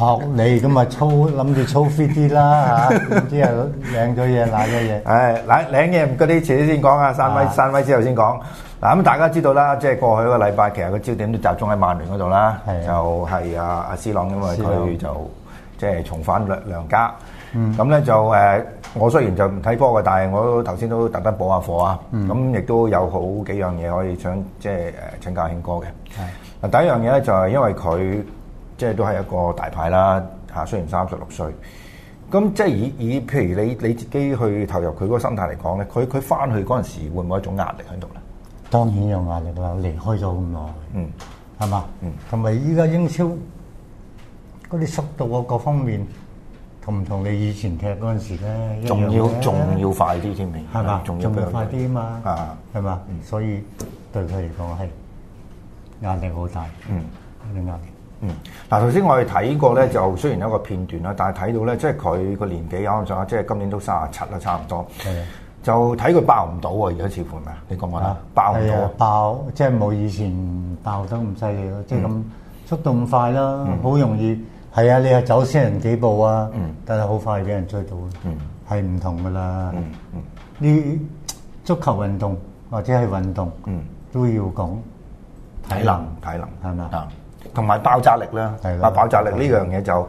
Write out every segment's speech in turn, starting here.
學你咁咪粗，諗住粗 fit 啲啦嚇！總之啊，領咗嘢，攋咗嘢。係攋領嘢唔嗰啲，遲啲先講啊！散威散威之後先講。嗱咁大家知道啦，即係過去嗰個禮拜，其實個焦點都集中喺曼聯嗰度啦。係就係阿阿 C 朗，因為佢就即係重返娘娘家。嗯。咁咧就誒，我雖然就唔睇波嘅，但係我頭先都特登補下課啊。嗯。咁亦都有好幾樣嘢可以請，即係誒請教興哥嘅。係。嗱，第一樣嘢咧就係因為佢。即係都係一個大牌啦嚇，雖然三十六歲，咁即係以以，譬如你你自己去投入佢嗰個心態嚟講咧，佢佢翻去嗰陣時，會唔會一種壓力喺度咧？當然有壓力啦，離開咗咁耐，嗯，係嘛，嗯，同埋依家英超嗰啲速度啊，各方面同唔同你以前踢嗰陣時咧？仲要仲要快啲添，係嘛？仲要快啲啊嘛，係嘛，嗯？所以對佢嚟講係壓力好大，嗯，啲壓力。嗯，嗱，頭先我哋睇過咧，就雖然有一個片段啦，但係睇到咧，即係佢個年紀啱唔啱？即係今年都三十七啦，差唔多。就睇佢爆唔到喎，而家似乎啊，你覺唔覺爆唔到爆，即係冇以前爆得咁犀利咯，即係咁速度快啦，好容易。係啊，你係走先人幾步啊，但係好快俾人追到啊，係唔同噶啦。嗯，呢足球運動或者係運動，都要講體能，體能係咪同埋爆炸力啦，啊的爆炸力呢樣嘢就，的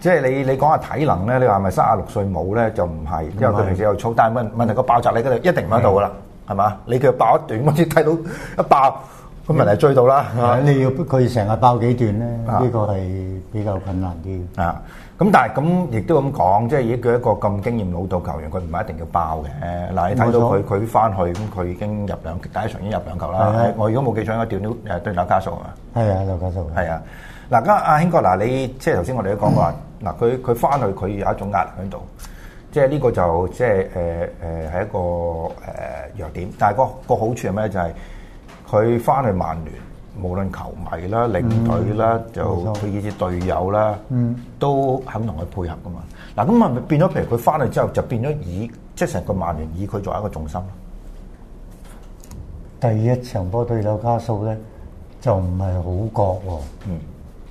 即係你你講下體能咧，你話咪卅六歲冇咧就唔係，是因為佢平時有操，但係問問題個爆炸力度一定唔喺度噶啦，係嘛的？你叫佢爆一段，我先睇到一爆，咁咪嚟追到啦，的的你要佢成日爆幾段咧，呢個係比較困難啲。啊。咁但係咁，亦都咁講，即係以佢一個咁經驗老道球員，佢唔係一定要爆嘅。嗱錯，你睇到佢佢翻去咁，佢已經入兩第一場已經入兩球啦。的我如果冇記錯嘅話，斷掉誒斷掉，掉卡素嘛。係啊，紐卡素。係啊，嗱，阿阿興哥，嗱，你即係頭先我哋都講過話，嗱、嗯，佢佢翻去佢有一種壓力喺度，即係呢個就即係誒誒係一個誒弱點。但係、個、個好處係咩？就係佢翻去曼聯。無論球迷啦、領隊啦，嗯、就佢啲隊友啦，嗯、都肯同佢配合噶嘛？嗱，咁係咪變咗？譬如佢翻嚟之後，就變咗以即成、即係、個曼聯以佢作為一個重心。第一場波對紐卡素咧，就唔係好覺喎，嗯、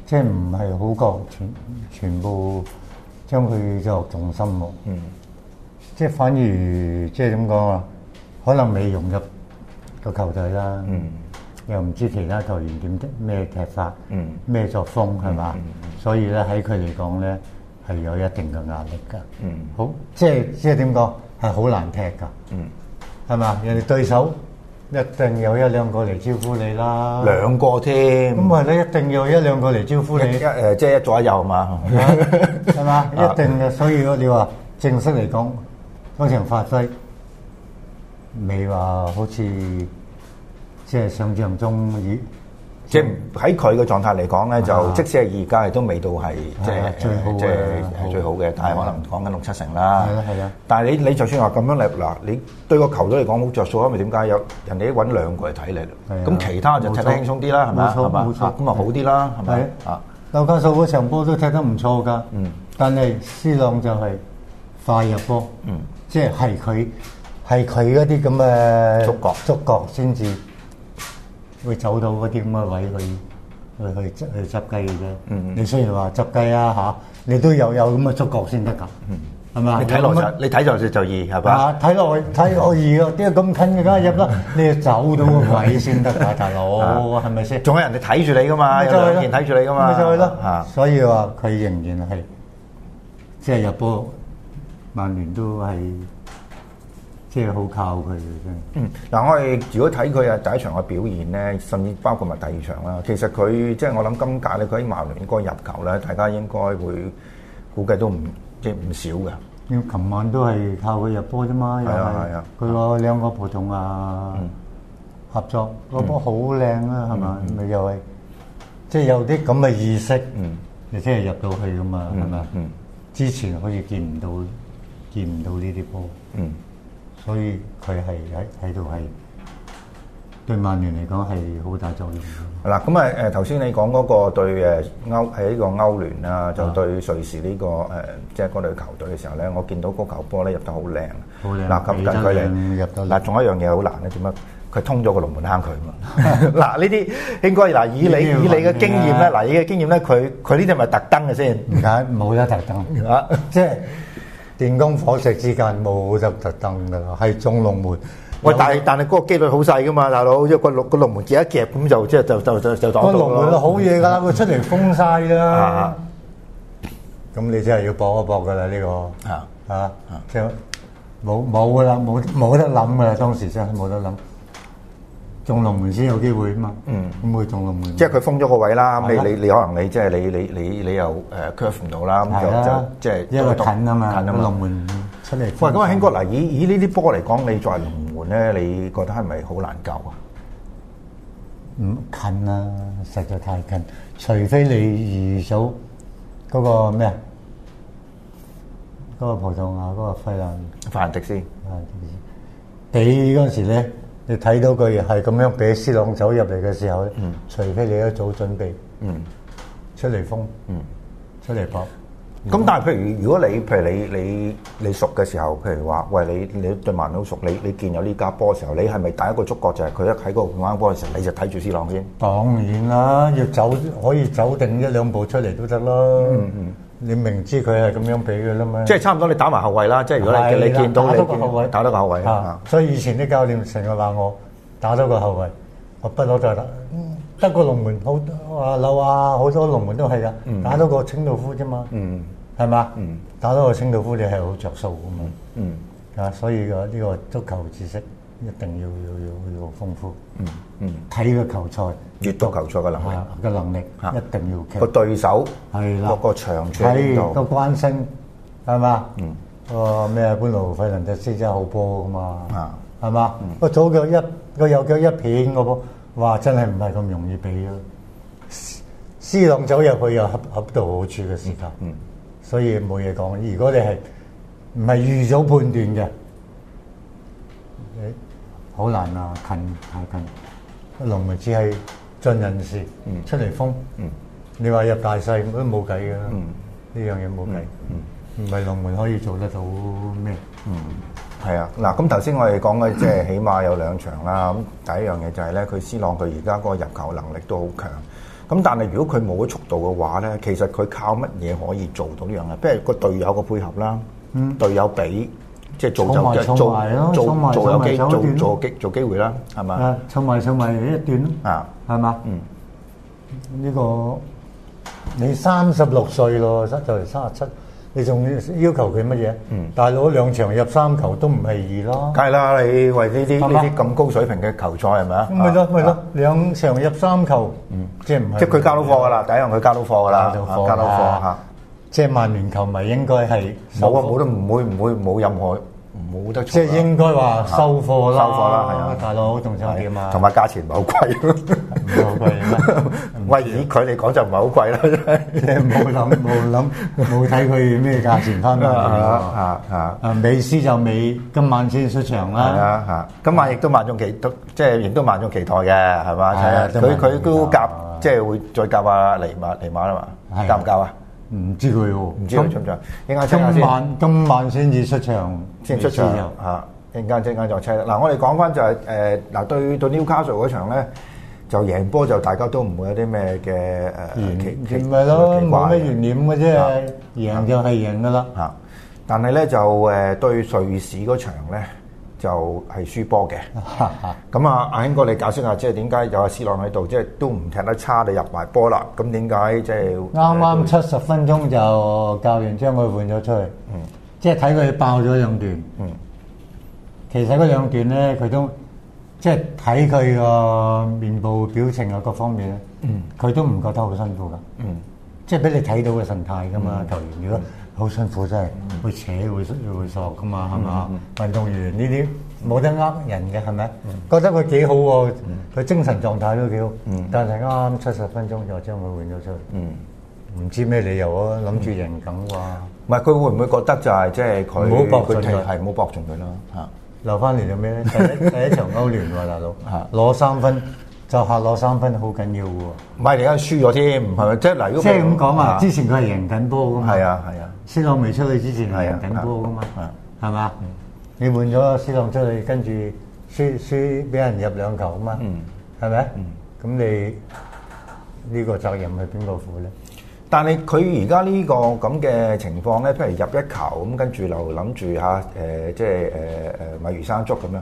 即唔係好覺全全部將佢作重心喎、嗯嗯，即反而即點講啊？可能未融入個球隊啦。嗯又唔知其他隊員點踢咩踢法，咩作風係嘛？所以咧，喺佢嚟講咧，係有一定嘅壓力㗎、嗯。好，即係即係點講係好難踢㗎。係嘛、嗯？人哋對手一定有一兩個嚟招呼你啦，兩個添。咁咪你一定要一兩個嚟招呼你，一誒、呃、即係一左一右嘛？係嘛吧？ 一定嘅！所以你話正式嚟講嗰場發揮，未話好似。即係想像中意，即係喺佢嘅狀態嚟講咧，就即使係而家係都未到係即係即係最好嘅，最好嘅，但係可能講緊六七成啦。係啊係啊！但係你你就算話咁樣叻嗱，你對個球隊嚟講好着數啊？咪點解有？人哋揾兩個嚟睇你，咁其他就踢得輕鬆啲啦，係咪？冇錯冇錯，咁啊好啲啦，係咪啊？劉家秀嗰場波都踢得唔錯㗎，嗯，但係思朗就係快入波，嗯，即係係佢係佢嗰啲咁嘅觸角觸角先至。會走到嗰啲咁嘅位去去去執去執雞嘅啫。嗯嗯，你雖然話執雞啊嚇，你都有有咁嘅觸覺先得㗎。嗯，係嘛？你睇落就你睇就就易係嘛？睇落去，睇落易咯，啲咁近嘅梗入啦。你要、啊、走到個位先得㗎，大佬係咪先？仲、啊、有人哋睇住你㗎嘛？有兩件睇住你㗎嘛？咪就係咯。所以話佢仍然係即係入波，曼聯都係。即係好靠佢嘅啫。嗯，嗱，我哋如果睇佢啊第一場嘅表現咧，甚至包括埋第二場啦，其實佢即係我諗今屆咧，佢喺曼聯應該入球咧，大家應該會估計都唔即係唔少嘅。因為琴晚都係靠佢入波啫嘛。係啊係啊，佢攞、啊、兩個葡萄牙啊、嗯、合作，嗰波好靚呀，係咪、嗯？咪又係即係有啲咁嘅意識，你先、嗯、入到去啊嘛，係咪？嗯嗯嗯、之前好似見唔到見唔到呢啲波。嗯所以佢係喺喺度係對曼聯嚟講係好大作用、嗯。嗱咁啊誒頭先你講嗰個對誒歐喺、這個歐聯啊，嗯、就對瑞士呢、這個誒即係嗰隊球隊嘅時候咧，我見到嗰球波咧入得好靚，好靚嗱咁近距離入到，嗱仲有一樣嘢好難咧，點解佢通咗個龍門坑渠、 嗯、啊？嗱呢啲應該嗱以你以你嘅經驗咧，嗱你嘅經驗咧，佢佢呢啲咪特登嘅先，唔使冇得特登即係。電光火石之間冇就特登噶啦，係中龍門喂！有但係但係嗰個機率好細噶嘛，大佬一，夾一夾個六個龍門夾一夾咁就即係就就就就擋個龍門好嘢噶啦，會、嗯、出嚟封晒啦、啊。咁、啊、你真係要搏一搏噶啦呢個啊啊就冇冇噶啦，冇冇、啊、得諗噶啦，當時真係冇得諗。中龍門先有機會啊嘛！嗯，咁會中龍門。即係佢封咗個位啦，你你你可能你即係你你你你又誒 curve 唔到啦，咁就就即係因為近啊嘛，近龍門出嚟。喂，咁啊，興哥嗱，以以呢啲波嚟講，你作為龍門咧，你覺得係咪好難救啊？唔近啊，實在太近，除非你二嫂嗰個咩啊，嗰個葡萄牙嗰個費林，范迪斯，啊，比嗰陣時咧。你睇到佢係咁樣畀斯朗走入嚟嘅時候咧，嗯、除非你一早準備、嗯、出嚟封，嗯、出嚟搏。咁、嗯、但係譬如如果你譬如你你你熟嘅時候，譬如話喂你你對曼佬熟，你你見有呢家波嘅時候，你係咪第一個觸覺就係佢一喺嗰度玩波嘅時候，你就睇住斯朗先？當然啦，要走可以走定一兩步出嚟都得咯。嗯嗯嗯你明知佢係咁樣俾佢啦嘛，即係差唔多你打埋後衛啦，即係如果你的你見到你打多個後衛，到打多個後衛啊！所以以前啲教練成日話我打到個後衛，我不嬲就得，得個龍門好啊，老啊，好多龍門都係啊，打到個清道夫啫嘛，係嘛，打到個清道夫你係好着數㗎嘛，啊、嗯！嗯、所以呢個足球知識。一定要要要要豐富，嗯嗯，睇個球賽，越多球賽嘅能力，嘅能力一定要強。個對手，係啦，個場場喺個關聲，係、嗯喔、嘛？個咩啊？半路費倫特斯真係好波㗎嘛？啊、嗯，係嘛？個左腳一，個右腳一片嘅噃，哇！真係唔係咁容易俾咯。C 朗走入去又恰恰到好處嘅時間、嗯，嗯，所以冇嘢講。如果你係唔係預早判斷嘅？誒好、欸、難啊！近太近，近龍門只係盡人事、嗯、出嚟封。嗯、你話入大細都冇計嘅。呢、嗯、樣嘢冇計，唔係、嗯嗯、龍門可以做得到咩？嗯，係啊。嗱，咁頭先我哋講嘅即係起碼有兩場啦。咁第一樣嘢就係咧，佢思朗佢而家嗰個入球能力都好強。咁但係如果佢冇咗速度嘅話咧，其實佢靠乜嘢可以做到呢樣嘢？譬如個隊友嘅配合啦，隊友俾。嗯即係做就做做做有機做做機做機會啦，係嘛？啊，湊埋湊埋一段咯，啊，係嘛？嗯，呢個你三十六歲咯，就係三十七，你仲要求佢乜嘢？嗯，大佬兩場入三球都唔係易咯。梗係啦，你為呢啲呢啲咁高水平嘅球賽係咪啊？咪咯咪咯，兩場入三球，即係唔係即係佢交到貨㗎喇，第一樣佢交到貨㗎喇，交到貨吓。即係曼聯球迷應該係冇啊！冇都唔會唔會冇任何冇得即係應該話收貨啦，收貨啦，係啊，大佬仲想點啊？同埋價錢唔好貴咯，唔好貴啊！喂，以佢嚟講就唔係好貴啦，即係冇諗冇諗冇睇佢咩價錢翻咁樣啊啊！啊！美斯就美，今晚先出場啦，係啊！嚇，今晚亦都萬眾期，即係亦都萬眾期待嘅，係嘛？佢佢都夾，即係會再夾下尼馬尼馬啦嘛？夾唔夾啊？唔知佢喎、啊，唔知佢出唔出？應該今晚今晚先至出場，先出場嚇。陣間陣間就出嗱，我哋講翻就係誒嗱，對對 Newcastle 嗰場咧，就贏波就大家都唔會有啲咩嘅誒，唔係咯，冇咩贏懸念嘅啫，啊、贏就係贏嘅啦。嚇、嗯！但係咧就誒、呃、對瑞士嗰場咧。就係輸波嘅，咁 啊，阿英哥你解釋下，即係點解有阿斯朗喺度，即係都唔踢得差，你入埋波啦？咁點解即係啱啱七十分鐘就教完，將佢換咗出去，嗯，即係睇佢爆咗兩段。嗯，其實嗰兩段咧，佢都即係睇佢個面部表情啊，各方面咧，嗯，佢都唔覺得好辛苦噶。嗯，即係俾你睇到嘅神態噶嘛，嗯、球員如果。好辛苦真係，會扯會會索噶嘛，係咪啊？運動員呢啲冇得呃人嘅係咪？覺得佢幾好喎，佢精神狀態都幾好，但係啱啱七十分鐘就將佢換咗出嚟，唔知咩理由啊？諗住人噉話？唔係佢會唔會覺得就係即係佢唔好駁佢停係唔好駁中佢啦嚇？留翻嚟做咩咧？第一場歐聯喎大佬，攞三分。就下攞三分好緊要喎，唔係而家輸咗先，係咪？即係嗱，如果即係咁講啊，之前佢係贏緊波噶嘛，係啊係啊，啊 C 朗未出去之前係贏緊波噶嘛，係嘛、啊？啊吧嗯、你換咗 C 朗出去，跟住輸輸俾人入兩球啊嘛，係咪？咁你呢個責任係邊個負咧？但係佢而家呢個咁嘅情況咧，譬如入一球咁，跟住留諗住吓，誒、呃，即係誒誒，米魚生粥咁樣。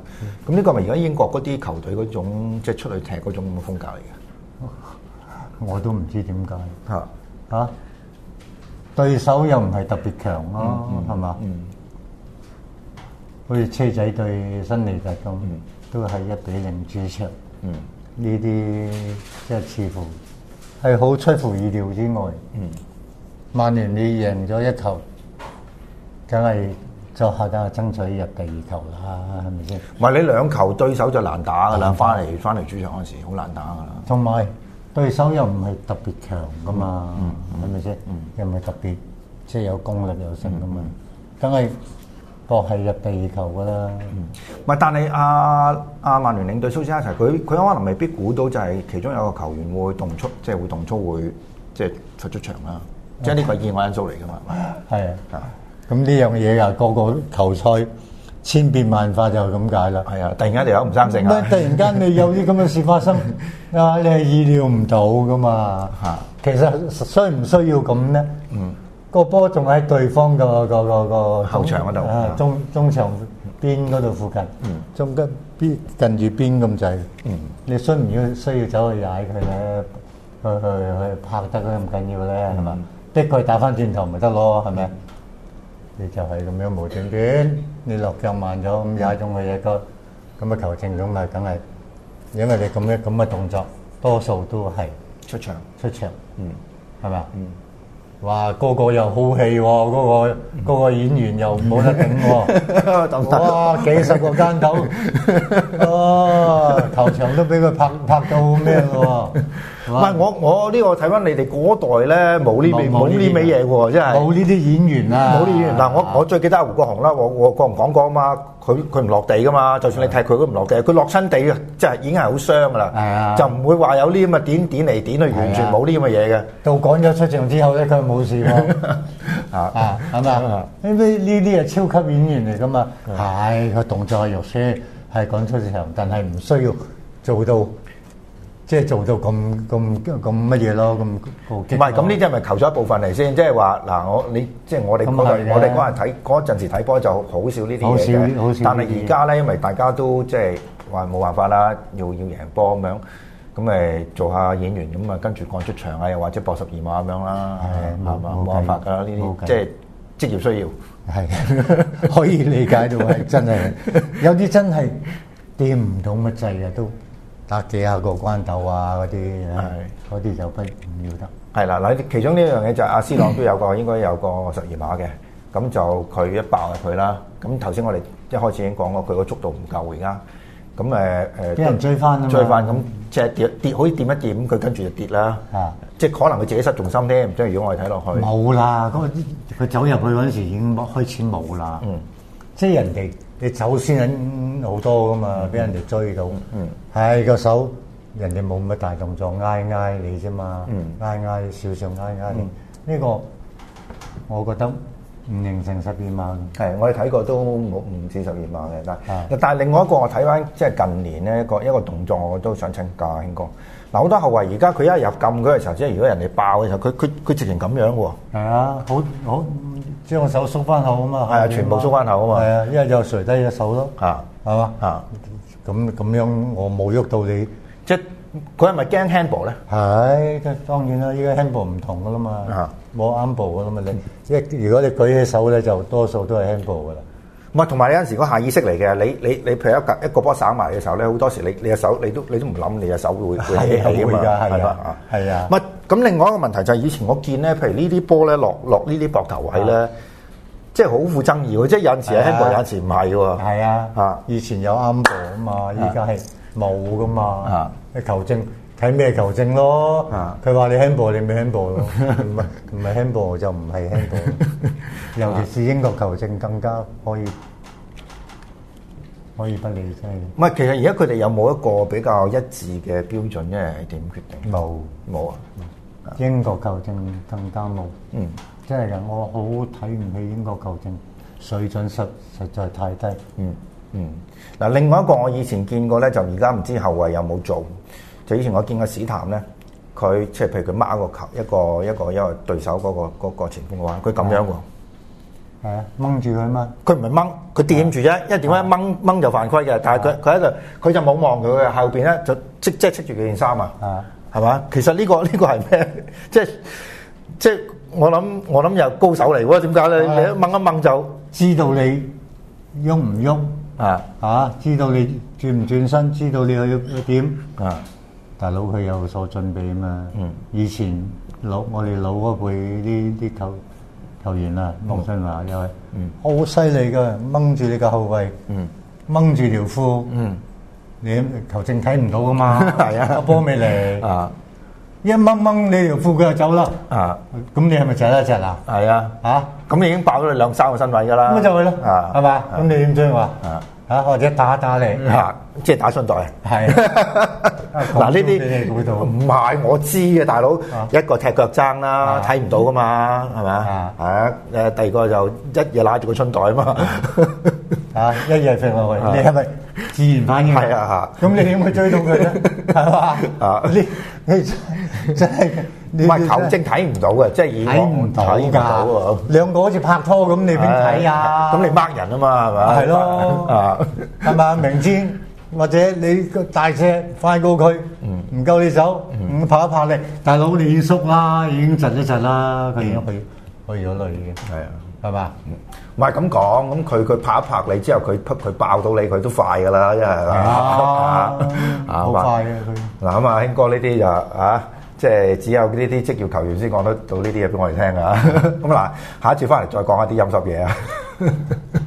咁呢個咪而家英國嗰啲球隊嗰種，即係出去踢嗰種咁嘅風格嚟嘅。我都唔知點解。嚇嚇、啊啊，對手又唔係特別強咯，係嘛、嗯嗯嗯？嗯。好似車仔對新尼特咁，都係一比零輸出。嗯。呢啲即係似乎。係好出乎意料之外，嗯、曼聯你贏咗一球，梗係就下等爭取入第二球啦，係咪先？唔係你兩球對手就難打噶啦，翻嚟翻嚟主場嗰時好難打噶啦。同埋對手又唔係特別強噶嘛，係咪先？又唔係特別即係有功力有性噶嘛，梗係、嗯。嗯係入地球噶啦，唔係但係阿阿曼聯領隊蘇斯卡齊，佢佢可能未必估到就係其中有個球員會動粗，即係會動粗會即係罰出場啦。即係呢個意外因素嚟噶嘛，係啊，咁呢樣嘢啊，個個球賽千變萬化就係咁解啦。係啊，突然間條友唔生性啊！突然間你有啲咁嘅事發生啊，你係意料唔到噶嘛？吓，其實需唔需要咁呢？嗯。個波仲喺對方個個個個後場嗰度啊，中中場邊嗰度附近，中間邊近住邊咁滯。你需唔要需要走去踩佢咧？去去去拍得佢咁緊要咧？係嘛？逼佢打返轉頭咪得咯，係咪？你就係咁樣無端端，你落腳慢咗咁踩中佢一個，咁咪球證咗咪？梗係因為你咁樣咁嘅動作，多數都係出場出場，嗯係嘛？哇個個又好戲喎，嗰個嗰個演員又冇得頂喎，哇幾十個奸狗，哇頭長都俾佢拍拍到咩喎？唔係我我呢個睇翻你哋嗰代咧，冇呢味冇呢味嘢喎，即係冇呢啲演員啦，冇呢啲演員嗱，我我最記得阿胡國雄啦，我我國雄講過啊嘛，佢佢唔落地噶嘛，就算你踢佢都唔落地，佢落親地嘅，即係已經係好傷噶啦，就唔會話有呢咁嘅點點嚟點去，完全冇呢咁嘅嘢嘅。到趕咗出場之後咧，佢。冇事啊啊，係嘛、 啊？呢呢啲係超級演員嚟㗎嘛？係、 哎，佢動作係肉先，係講出場，但係唔需要做到，即、就、係、是、做到咁咁咁乜嘢咯？咁唔係咁呢啲係咪求咗一部分嚟先？即係話嗱，我你即係、就是、我哋嗰日我哋嗰日睇嗰陣時睇波就好少好少，好少呢啲嘢嘅，但係而家咧，因為大家都即係話冇辦法啦，要要，要贏波咁樣。咁誒做下演員，咁啊跟住趕出場啊，又或者搏十二碼咁樣啦，係嘛？冇辦法㗎啦，呢啲些即係職業需要，係可以理解到係 真係有啲真係掂唔到乜滯啊，都打幾下個關鬥啊嗰啲，係嗰啲就不唔要得。係啦，嗱，其中呢樣嘢就阿、係、斯朗都有個，應該有個十二碼嘅，咁就佢一爆佢啦。咁頭先我哋一開始已經講過，佢個速度唔夠而家。咁誒誒，俾人追翻啊嘛！追翻咁即係跌跌，可以掂一掂，佢跟住就跌啦。啊！即係可能佢自己失重心咧，唔知如果我哋睇落去。冇啦，咁佢走入去嗰陣時已經開始冇啦。嗯。即係人哋你走先引好多噶嘛，俾人哋追到。嗯。係個手，人哋冇乜大動作，挨挨你啫嘛。嗯。挨挨少少挨挨添，呢個我覺得。唔形成十二萬，係我哋睇過都唔唔止十二萬嘅，但係但係另外一個我睇翻即係近年咧一個一個動作我都想請教，興哥嗱，好多後衞而家佢一入禁區嘅時候，即係如果人哋爆嘅時候，佢佢佢直情咁樣嘅喎，係啊，好好將個手縮翻後啊嘛，係啊，全部縮翻後啊嘛，係啊，一就垂低隻手咯，啊，係嘛，啊，咁咁樣我冇喐到你，即。佢係咪驚 handle 咧？係，當然啦！依家 handle 唔同噶啦嘛，冇啱步噶啦嘛，你一如果你舉起手咧，就多數都係 handle 噶啦。唔係，同埋你有陣時嗰下意識嚟嘅，你你你譬如一一個波散埋嘅時候咧，好多時你你嘅手你都你都唔諗你嘅手會會係點啊？係啊，唔係咁，另外一個問題就係以前我見咧，譬如呢啲波咧落落呢啲膊頭位咧，即係好富爭議嘅，即係有陣時係 handle，有陣時唔係喎。係啊，啊，以前有啱步啊嘛，依家係。冇噶嘛？你球、嗯、證睇咩球證咯？佢話、嗯、你輕薄、嗯，你咪輕薄咯。唔係唔係，輕薄就唔係輕薄。 尤其是英國球證更加可以可以不理曬。唔係，其實而家佢哋有冇一個比較一致嘅標準咧？因為係點決定？冇冇有啊！英國球證更加冇。嗯，真係噶，我好睇唔起英國球證，水準實在實在太低。嗯。嗯，嗱，另外一個我以前見過咧，就而家唔知後衞有冇做？就以前我見過史譚咧，佢即係譬如佢掹一個球，一個一個一個對手嗰、嗰個前鋒嘅話，佢咁樣喎。嗯、啊，掹住佢嘛？佢唔係掹，佢掂住啫？因為點解一掹掹就犯規嘅？但係佢佢喺度，佢就冇望佢嘅後邊咧，就即即係黐住佢件衫啊。係嘛、啊？其實呢、呢個呢、呢個係咩？ 即係即係我諗我諗又高手嚟喎？點解咧？你一掹一掹就、嗯、知道你喐唔喐。啊！啊！知道你轉唔轉身，知道你又要點？啊！大佬佢有所準備啊嘛！嗯，以前老我哋老嗰輩啲啲球球員啊，黃新華又係，嗯，好犀利噶，掹住你嘅後衞，嗯，掹住條褲，嗯，你球證睇唔到㗎嘛，係啊，個波未嚟啊！一掹掹你條褲佢就走啦，啊，咁你係咪一隻一隻啊？係啊，嚇，咁你已經爆咗兩三個身位噶啦，咁咪就係咯，係嘛？咁你點追啊？嚇，嚇或者打一打你，嚇，即係打春袋啊？係，嗱呢啲唔係我知嘅大佬，一個踢腳踭啦，睇唔到噶嘛，係嘛？係啊，誒第二個就一嘢拉住個春袋啊嘛，嚇，一嘢飛落去，你係咪自然反應？係啊嚇，咁你點會追到佢咧？係嘛？啊，你你。真係唔係，球證睇唔到嘅，即係以我睇唔到喎。兩個好似拍拖咁，你邊睇啊？咁你掹人啊嘛，係嘛？係咯，係嘛？明知或者你大隻快過佢，唔夠你手，拍一拍你，大佬你縮啦，已經震一震啦，佢已經去去咗啦已經。係啊，係嘛？唔係咁講，咁佢佢拍一拍你之後，佢佢爆到你，佢都快噶啦，真係啊！好快嘅佢。嗱咁啊，興哥呢啲就啊～即係只有呢啲職業球員先講得到呢啲嘢俾我哋聽啊。咁嗱，下一次翻嚟再講一啲陰濕嘢啊！